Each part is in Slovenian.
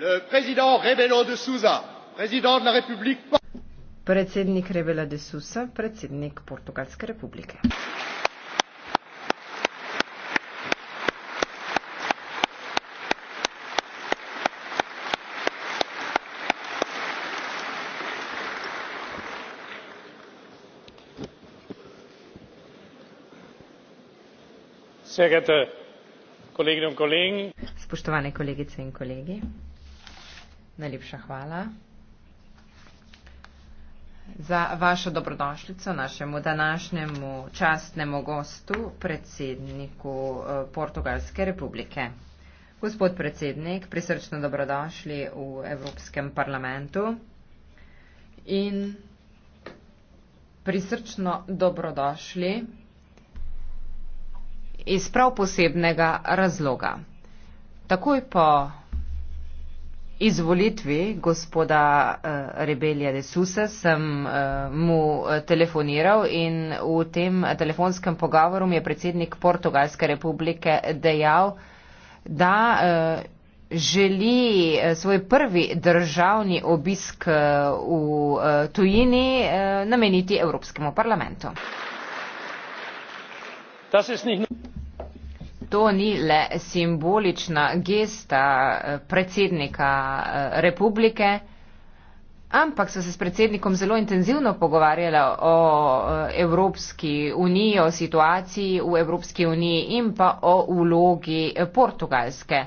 Predsednik Rebela de Sousa, predsednik Portugalske republike. Sehr geehrte Kolleginnen und Kollegen, spoštovane kolegice in kolegi. Najlepša hvala za vašo dobrodošljico našemu današnjemu častnemu gostu, predsedniku eh, Portugalske republike. Gospod predsednik, prisrčno dobrodošli v Evropskem parlamentu in prisrčno dobrodošli iz prav posebnega razloga. Takoj po izvolitvi gospoda uh, Rebelija de Suse sem uh, mu eh, telefoniral in v tem telefonskem pogovoru mi je predsednik Portugalske republike dejal, da uh, želi svoj prvi državni obisk v uh, tujini uh, nameniti Evropskemu parlamentu to ni le simbolična gesta eh, predsednika eh, republike, ampak so se s predsednikom zelo intenzivno pogovarjala o eh, Evropski uniji, o situaciji v Evropski uniji in pa o vlogi portugalske.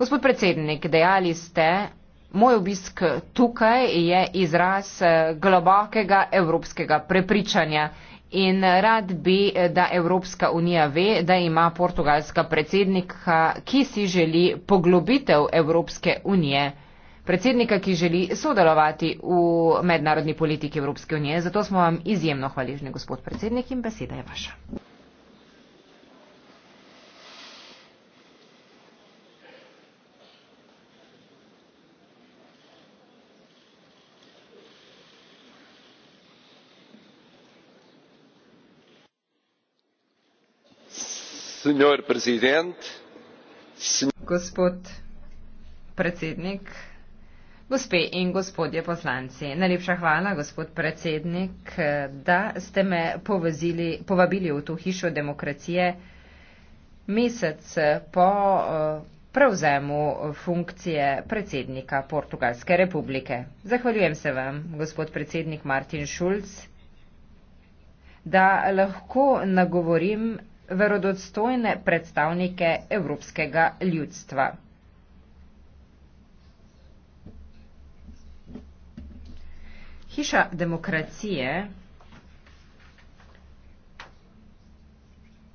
Gospod predsednik, dejali ste, moj obisk tukaj je izraz globokega evropskega prepričanja in rad bi, eh, da Evropska unija ve, da ima portugalska predsednika, ki si želi poglobitev Evropske unije, predsednika, ki želi sodelovati v mednarodni politiki Evropske unije. Zato smo vam izjemno hvaležni, gospod predsednik, in beseda je vaša. Gospod predsednik, gospe in gospodje poslanci, najlepša hvala, gospod predsednik, da ste me povezili, povabili v to hišo demokracije mesec po eh, prevzemu funkcije predsednika Portugalske republike. Zahvaljujem se vam, gospod predsednik Martin Šulc, da lahko nagovorim verodostojne predstavnike evropskega ljudstva. Hiša demokracije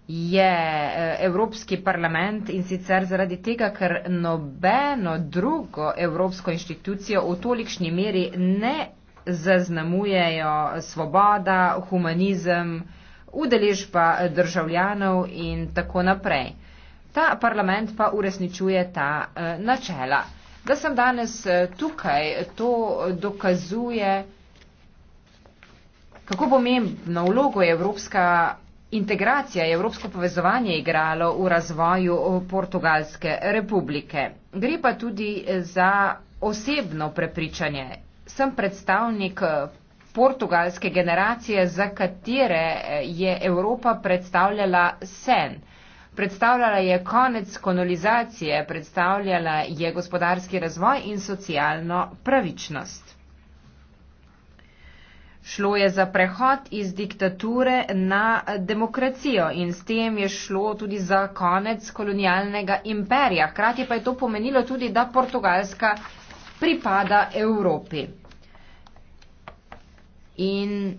je e, Evropski parlament in sicer zaradi tega, ker nobeno drugo evropsko inštitucijo v tolikšni meri ne zaznamujejo svoboda, humanizem, udeležba državljanov in tako naprej. Ta parlament pa uresničuje ta eh, načela. Da sem danes eh, tukaj, to dokazuje, kako pomembno vlogo je evropska integracija, evropsko povezovanje igralo v razvoju eh, Portugalske republike. Gre pa tudi za osebno prepričanje. Sem predstavnik portugalske generacije, za katere eh, je Evropa predstavljala sen. Predstavljala je konec kolonizacije, predstavljala je gospodarski razvoj in socialno pravičnost. Šlo je za prehod iz diktature na demokracijo in s tem je šlo tudi za konec kolonialnega imperija. Hkrati pa je to pomenilo tudi, da Portugalska pripada Evropi. In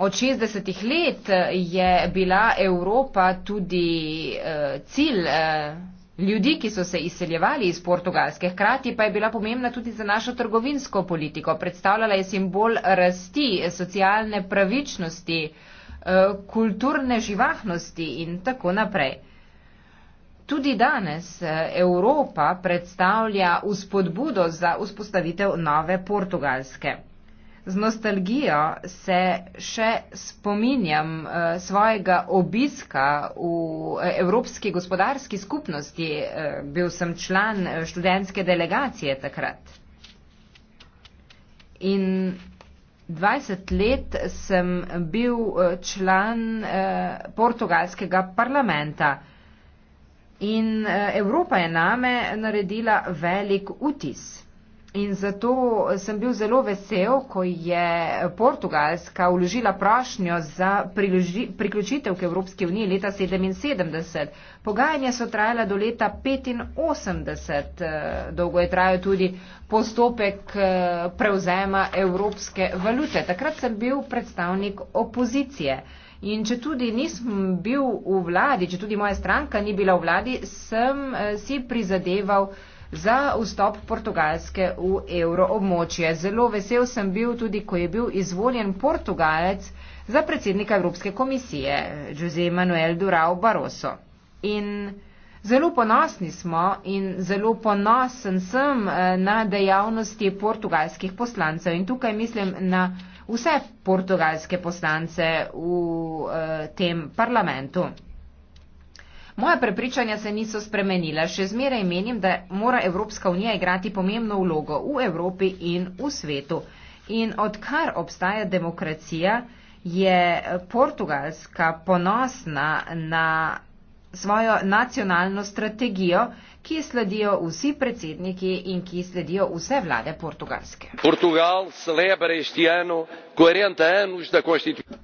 od 60 let je bila Evropa tudi uh, cilj. Uh, Ljudi, ki so se izseljevali iz Portugalske, hkrati pa je bila pomembna tudi za našo trgovinsko politiko. Predstavljala je simbol rasti, socialne pravičnosti, eh, kulturne živahnosti in tako naprej. Tudi danes eh, Evropa predstavlja uspodbudo za vzpostavitev nove portugalske. Z nostalgijo se še spominjam eh, svojega obiska v eh, Evropski gospodarski skupnosti. Bil sem član študentske delegacije takrat. In 20 let sem bil član portugalskega parlamenta. In eh, Evropa je name naredila velik utis. In zato sem bil zelo vesel, ko je Portugalska uložila prašnjo za priloži, priključitev k Evropski uniji leta 1977. Pogajanja so trajala do leta 1985. Eh, dolgo je trajal tudi postopek eh, prevzema evropske valute. Takrat sem bil predstavnik opozicije. In če tudi nisem bil v vladi, če tudi moja stranka ni bila v vladi, sem eh, si prizadeval za vstop Portugalske v euroobmočje. Zelo vesel sem bil tudi, ko je bil izvoljen Portugalec za predsednika Evropske komisije, Jose Manuel Durao Barroso. In zelo ponosni smo in zelo ponosen sem eh, na dejavnosti portugalskih poslancev. In tukaj mislim na vse portugalske poslance v eh, tem parlamentu. Moja prepričanja se niso spremenila. Še zmeraj menim, da mora Evropska unija igrati pomembno vlogo v Evropi in v svetu. In odkar obstaja demokracija, je eh, Portugalska ponosna na svojo nacionalno strategijo, ki sledijo vsi predsedniki in ki sledijo vse vlade portugalske. Portugal ano,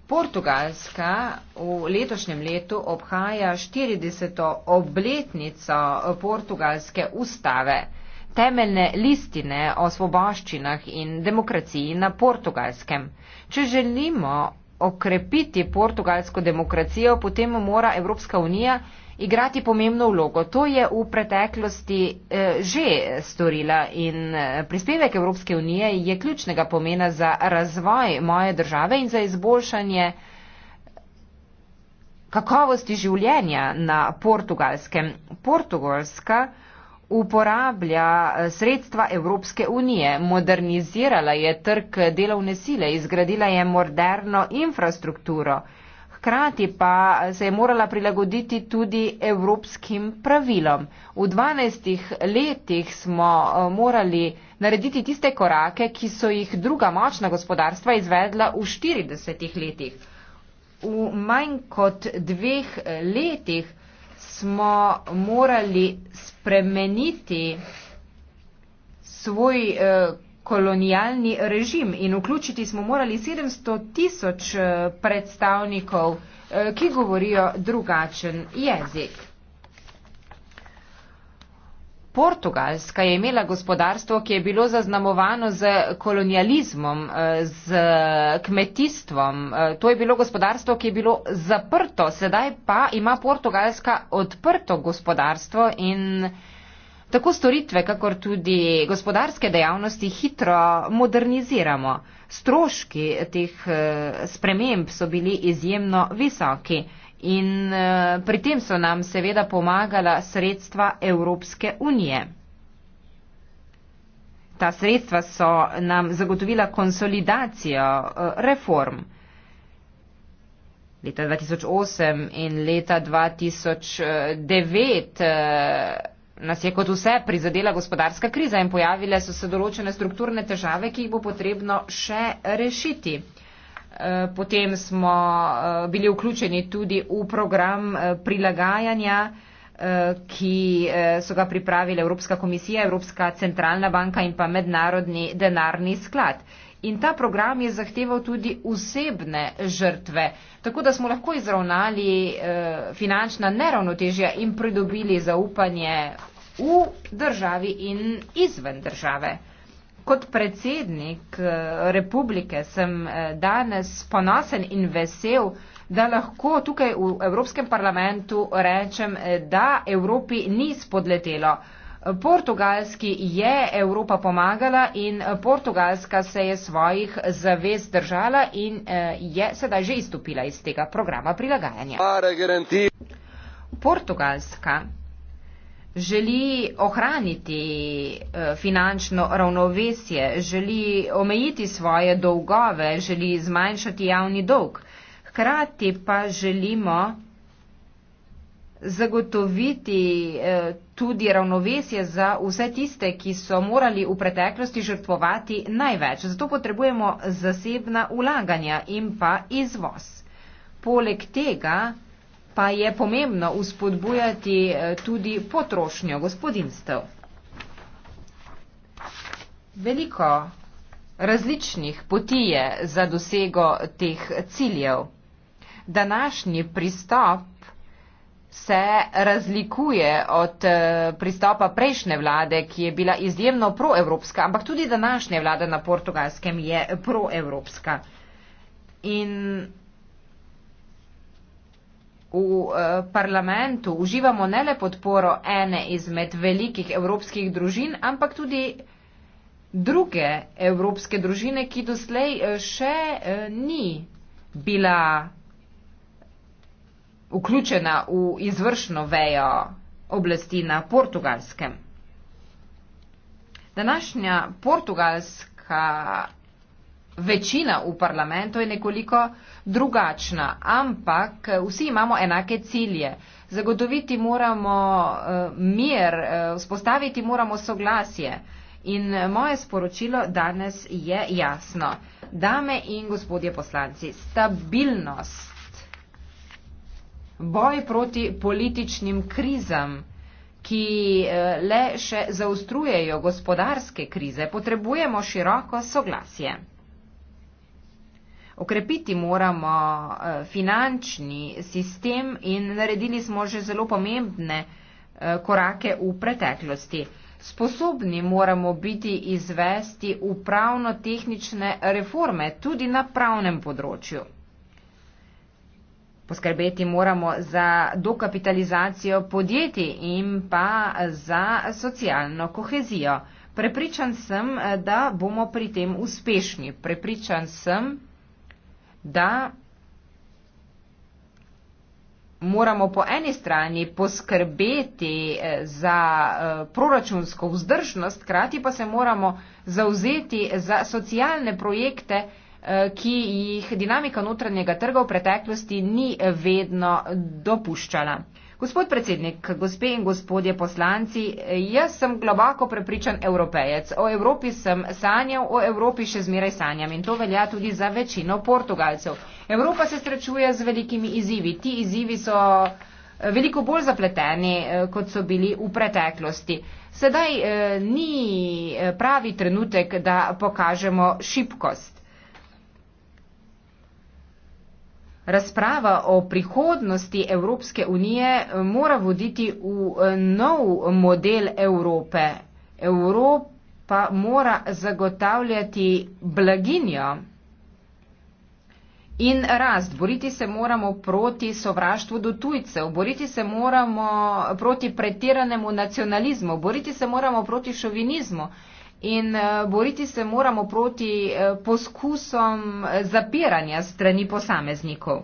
portugalska v letošnjem letu obhaja 40. obletnico portugalske ustave, temeljne listine o svoboščinah in demokraciji na portugalskem. Če želimo okrepiti portugalsko demokracijo, potem mora Evropska unija igrati pomembno vlogo. To je v preteklosti eh, že storila in eh, prispevek Evropske unije je ključnega pomena za razvoj moje države in za izboljšanje kakovosti življenja na portugalskem. Portugalska uporablja eh, sredstva Evropske unije, modernizirala je trg delovne sile, izgradila je moderno infrastrukturo, hkrati pa se je morala prilagoditi tudi evropskim pravilom. V 12 letih smo eh, morali narediti tiste korake, ki so jih druga močna gospodarstva izvedla v 40 letih. V manj kot dveh letih smo morali spremeniti svoj eh, kolonialni režim in vključiti smo morali 700 tisoč eh, predstavnikov, eh, ki govorijo drugačen jezik. Portugalska je imela gospodarstvo, ki je bilo zaznamovano z kolonializmom, eh, z kmetijstvom. Eh, to je bilo gospodarstvo, ki je bilo zaprto. Sedaj pa ima Portugalska odprto gospodarstvo in tako storitve, kakor tudi gospodarske dejavnosti hitro moderniziramo. Stroški teh eh, sprememb so bili izjemno visoki. In eh, pri tem so nam seveda pomagala sredstva Evropske unije. Ta sredstva so nam zagotovila konsolidacijo eh, reform. Leta 2008 in leta 2009 eh, nas je kot vse prizadela gospodarska kriza in pojavile so se določene strukturne težave, ki jih bo potrebno še rešiti. Eh, potem smo eh, bili vključeni tudi v program eh, prilagajanja, ki so ga pripravile Evropska komisija, Evropska centralna banka in pa Mednarodni denarni sklad. In ta program je zahteval tudi osebne žrtve, tako da smo lahko izravnali finančna neravnotežja in pridobili zaupanje v državi in izven države. Kot predsednik eh, republike sem eh, danes ponosen in vesel, da lahko tukaj v Evropskem parlamentu rečem, eh, da Evropi ni spodletelo. Portugalski je Evropa pomagala in Portugalska se je svojih zavez držala in je sedaj že izstopila iz tega programa prilagajanja. Portugalska želi ohraniti eh, finančno ravnovesje, želi omejiti svoje dolgove, želi zmanjšati javni dolg. Hkrati pa želimo zagotoviti eh, tudi ravnovesje za vse tiste, ki so morali v preteklosti žrtvovati največ. Zato potrebujemo zasebna ulaganja in pa izvoz. Poleg tega pa je pomembno uspodbujati eh, tudi potrošnjo gospodinstv. Veliko različnih poti je za dosego teh ciljev. Današnji pristop se razlikuje od eh, pristopa prejšnje vlade, ki je bila izjemno proevropska, ampak tudi današnja vlada na portugalskem je proevropska. In v eh, parlamentu uživamo ne le podporo ene izmed velikih evropskih družin, ampak tudi druge evropske družine, ki doslej eh, še eh, ni bila vključena v izvršno vejo oblasti na portugalskem. Današnja portugalska Večina v parlamentu je nekoliko drugačna, ampak eh, vsi imamo enake cilje. Zagotoviti moramo eh, mir, eh, vzpostaviti moramo soglasje. In moje sporočilo danes je jasno. Dame in gospodje poslanci, stabilnost, boj proti političnim krizam, ki le še zaustrujejo gospodarske krize, potrebujemo široko soglasje. Okrepiti moramo eh, finančni sistem in naredili smo že zelo pomembne eh, korake v preteklosti. Sposobni moramo biti izvesti upravno-tehnične reforme tudi na pravnem področju. Poskrbeti moramo za dokapitalizacijo podjetij in pa za socialno kohezijo. Prepričan sem, eh, da bomo pri tem uspešni. Prepričan sem, da moramo po eni strani poskrbeti eh, za eh, proračunsko vzdržnost, krati pa se moramo zauzeti za socialne projekte, eh, ki jih dinamika notranjega trga v preteklosti ni vedno dopuščala. Gospod predsednik, gospe in gospodje poslanci, jaz sem globoko prepričan evropejec. O Evropi sem sanjal, o Evropi še zmeraj sanjam in to velja tudi za večino portugalcev. Evropa se srečuje z velikimi izzivi. Ti izzivi so eh, veliko bolj zapleteni, eh, kot so bili v preteklosti. Sedaj eh, ni pravi trenutek, da pokažemo šibkost. Razprava o prihodnosti Evropske unije eh, mora voditi v eh, nov model Evrope. Evropa mora zagotavljati blaginjo in rast. Boriti se moramo proti sovraštvu do tujcev, boriti se moramo proti pretiranemu nacionalizmu, boriti se moramo proti šovinizmu in eh, boriti se moramo proti eh, poskusom eh, zapiranja strani posameznikov.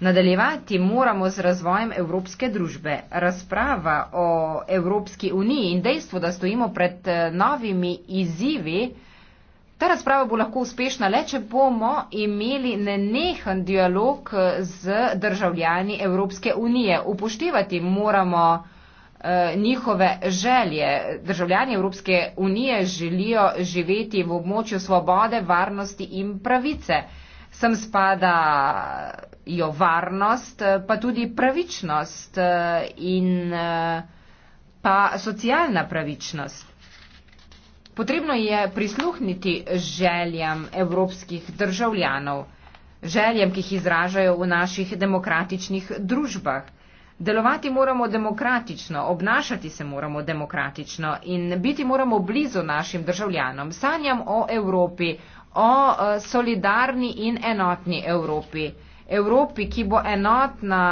Nadaljevati moramo z razvojem evropske družbe. Razprava o Evropski uniji in dejstvo, da stojimo pred novimi izzivi, ta razprava bo lahko uspešna le, če bomo imeli nenehen dialog z državljani Evropske unije. Upoštevati moramo. Eh, njihove želje. Državljani Evropske unije želijo živeti v območju svobode, varnosti in pravice. Sem spada jo varnost, eh, pa tudi pravičnost eh, in pa socialna pravičnost. Potrebno je prisluhniti željam evropskih državljanov, željam, ki jih izražajo v naših demokratičnih družbah. Delovati moramo demokratično, obnašati se moramo demokratično in biti moramo blizu našim državljanom. Sanjam o Evropi, o e, solidarni in enotni Evropi. Evropi, ki bo enotna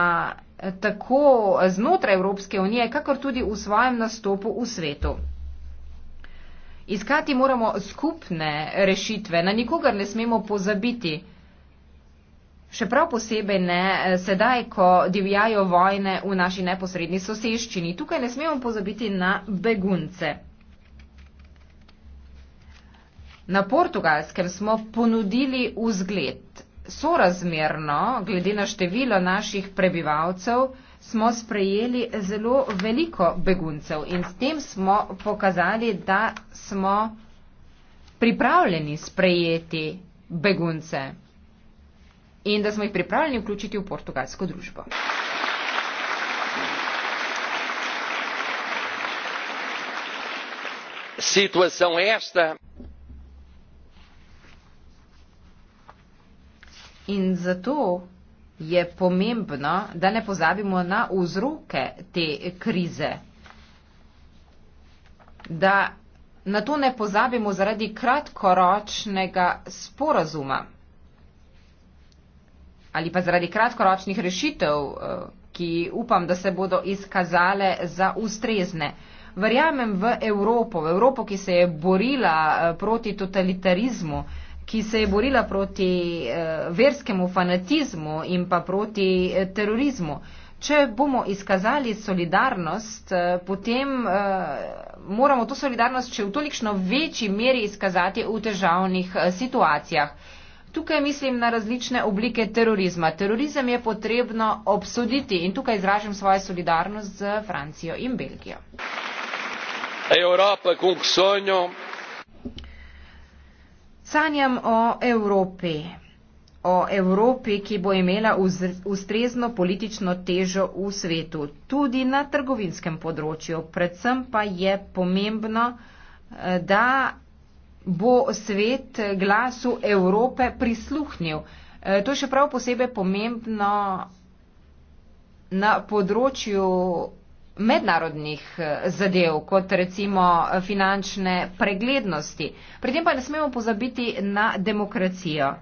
e, tako znotraj Evropske unije, kakor tudi v svojem nastopu v svetu. Iskati moramo skupne rešitve, na nikogar ne smemo pozabiti. Še prav posebej ne eh, sedaj, ko divjajo vojne v naši neposredni soseščini. Tukaj ne smemo pozabiti na begunce. Na portugalskem smo ponudili vzgled. Sorazmerno, glede na število naših prebivalcev, smo sprejeli zelo veliko beguncev in s tem smo pokazali, da smo pripravljeni sprejeti begunce in da smo jih pripravljeni vključiti v portugalsko družbo. In zato je pomembno, da ne pozabimo na vzroke te krize, da na to ne pozabimo zaradi kratkoročnega sporazuma ali pa zaradi kratkoročnih rešitev, eh, ki upam, da se bodo izkazale za ustrezne. Verjamem v Evropo, v Evropo, ki se je borila eh, proti totalitarizmu, ki se je borila proti eh, verskemu fanatizmu in pa proti terorizmu. Če bomo izkazali solidarnost, potem moramo to solidarnost še v tolikšno večji meri izkazati v težavnih situacijah. Tukaj mislim na različne oblike terorizma. Terorizem je potrebno obsoditi in tukaj izražam svojo solidarnost z Francijo in Belgijo. Sanjam o Evropi. O Evropi, ki bo imela ustrezno politično težo v svetu, tudi na trgovinskem področju. Predvsem pa je pomembno, eh, da bo svet glasu Evrope prisluhnil. E, to je še prav posebej pomembno na področju mednarodnih e, zadev, kot recimo finančne preglednosti. Pri tem pa ne smemo pozabiti na demokracijo.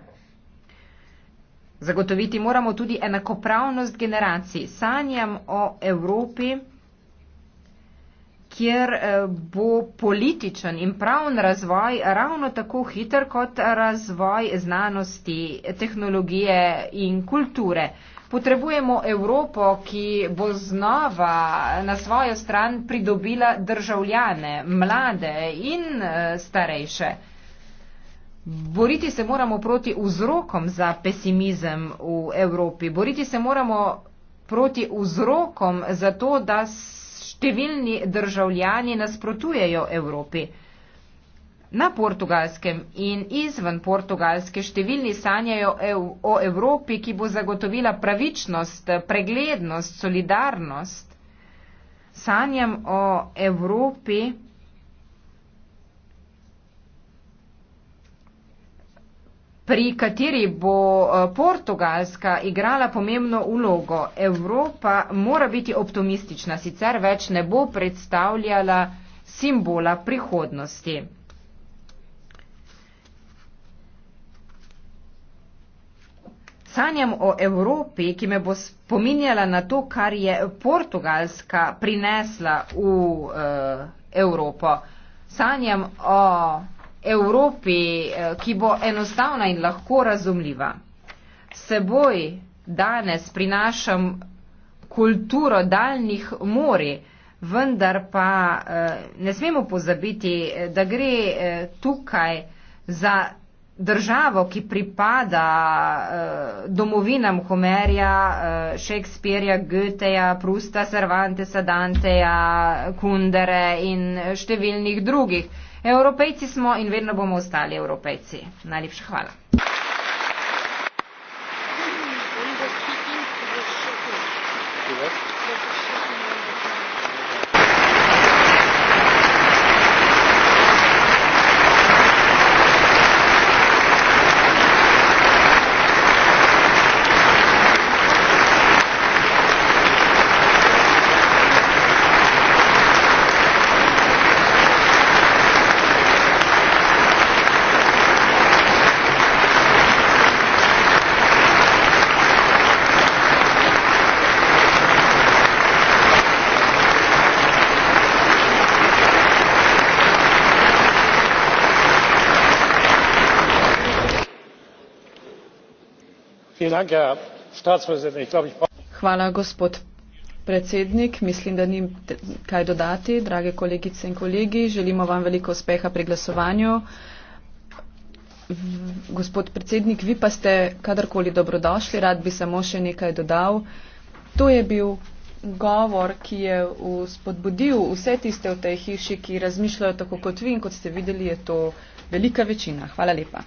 Zagotoviti moramo tudi enakopravnost generacij. Sanjam o Evropi, kjer eh, bo političen in pravn razvoj ravno tako hiter kot razvoj znanosti, tehnologije in kulture. Potrebujemo Evropo, ki bo znova na svojo stran pridobila državljane, mlade in eh, starejše. Boriti se moramo proti vzrokom za pesimizem v Evropi. Boriti se moramo proti vzrokom za to, da številni državljani nasprotujejo Evropi. Na portugalskem in izven portugalske številni sanjajo o Evropi, ki bo zagotovila pravičnost, preglednost, solidarnost. Sanjam o Evropi, pri kateri bo eh, Portugalska igrala pomembno ulogo. Evropa mora biti optimistična, sicer več ne bo predstavljala simbola prihodnosti. Sanjam o Evropi, ki me bo spominjala na to, kar je Portugalska prinesla v uh, Evropo. Sanjam o Evropi, eh, ki bo enostavna in lahko razumljiva. Seboj danes prinašam kulturo daljnih mori, vendar pa eh, ne smemo pozabiti, eh, da gre tukaj za državo, ki pripada domovinam Homerja, Šekspirja, Goetheja, Prusta, Cervantesa, Danteja, Kundere in številnih drugih. Evropejci smo in vedno bomo ostali evropejci. Najlepša hvala. Hvala, gospod predsednik. Mislim, da ni kaj dodati. Drage kolegice in kolegi, želimo vam veliko uspeha pri glasovanju. Gospod predsednik, vi pa ste kadarkoli dobrodošli, rad bi samo še nekaj dodal. To je bil govor, ki je spodbudil vse tiste v tej hiši, ki razmišljajo tako kot vi in kot ste videli, je to velika večina. Hvala lepa.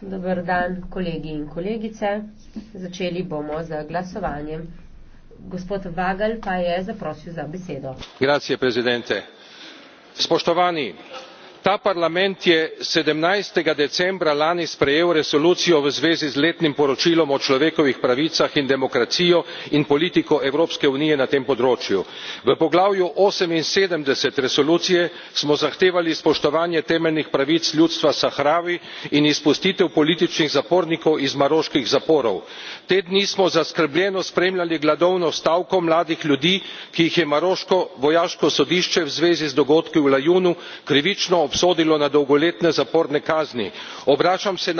Dobar dan, kolegi in kolegice. Začeli bomo z glasovanjem. Gospod Vagel pa je zaprosil za besedo. Grazie, predsedente. Spoštovani, ta parlament je sedemnajst decembra lani sprejel resolucijo v zvezi z letnim poročilom o človekovih pravicah in demokracijo in politiko evropske unije na tem področju. v poglavju oseminsedemdeset resolucije smo zahtevali spoštovanje temeljnih pravic ljudstva sahravi in izpustitev političnih zapornikov iz maroških zaporov. te dni smo zaskrbljeno spremljali gladovno stavko mladih ljudi ki jih je maroško vojaško sodišče v zvezi z dogodki v laayunu krivično obsodilo na smrt obsodilo na dolgoletne zaporne kazni. obračam se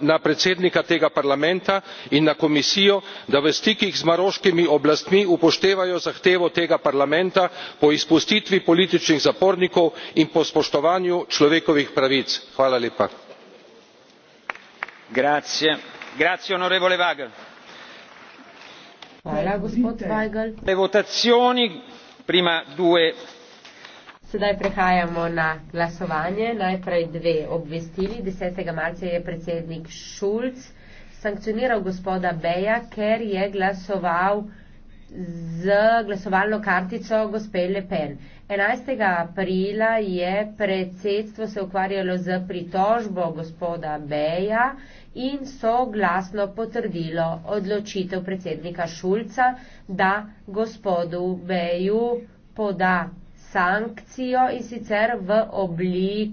na predsednika tega parlamenta in na komisijo da v stikih z maroškimi oblastmi upoštevajo zahtevo tega parlamenta po izpustitvi političnih zapornikov in po spoštovanju človekovih pravic. Sedaj prehajamo na glasovanje. Najprej dve obvestili. 10. marca je predsednik Šulc sankcioniral gospoda Beja, ker je glasoval z glasovalno kartico gospe Le Pen. 11. aprila je predsedstvo se ukvarjalo z pritožbo gospoda Beja in soglasno potrdilo odločitev predsednika Šulca, da gospodu Beju poda sankcijo in sicer v obliki.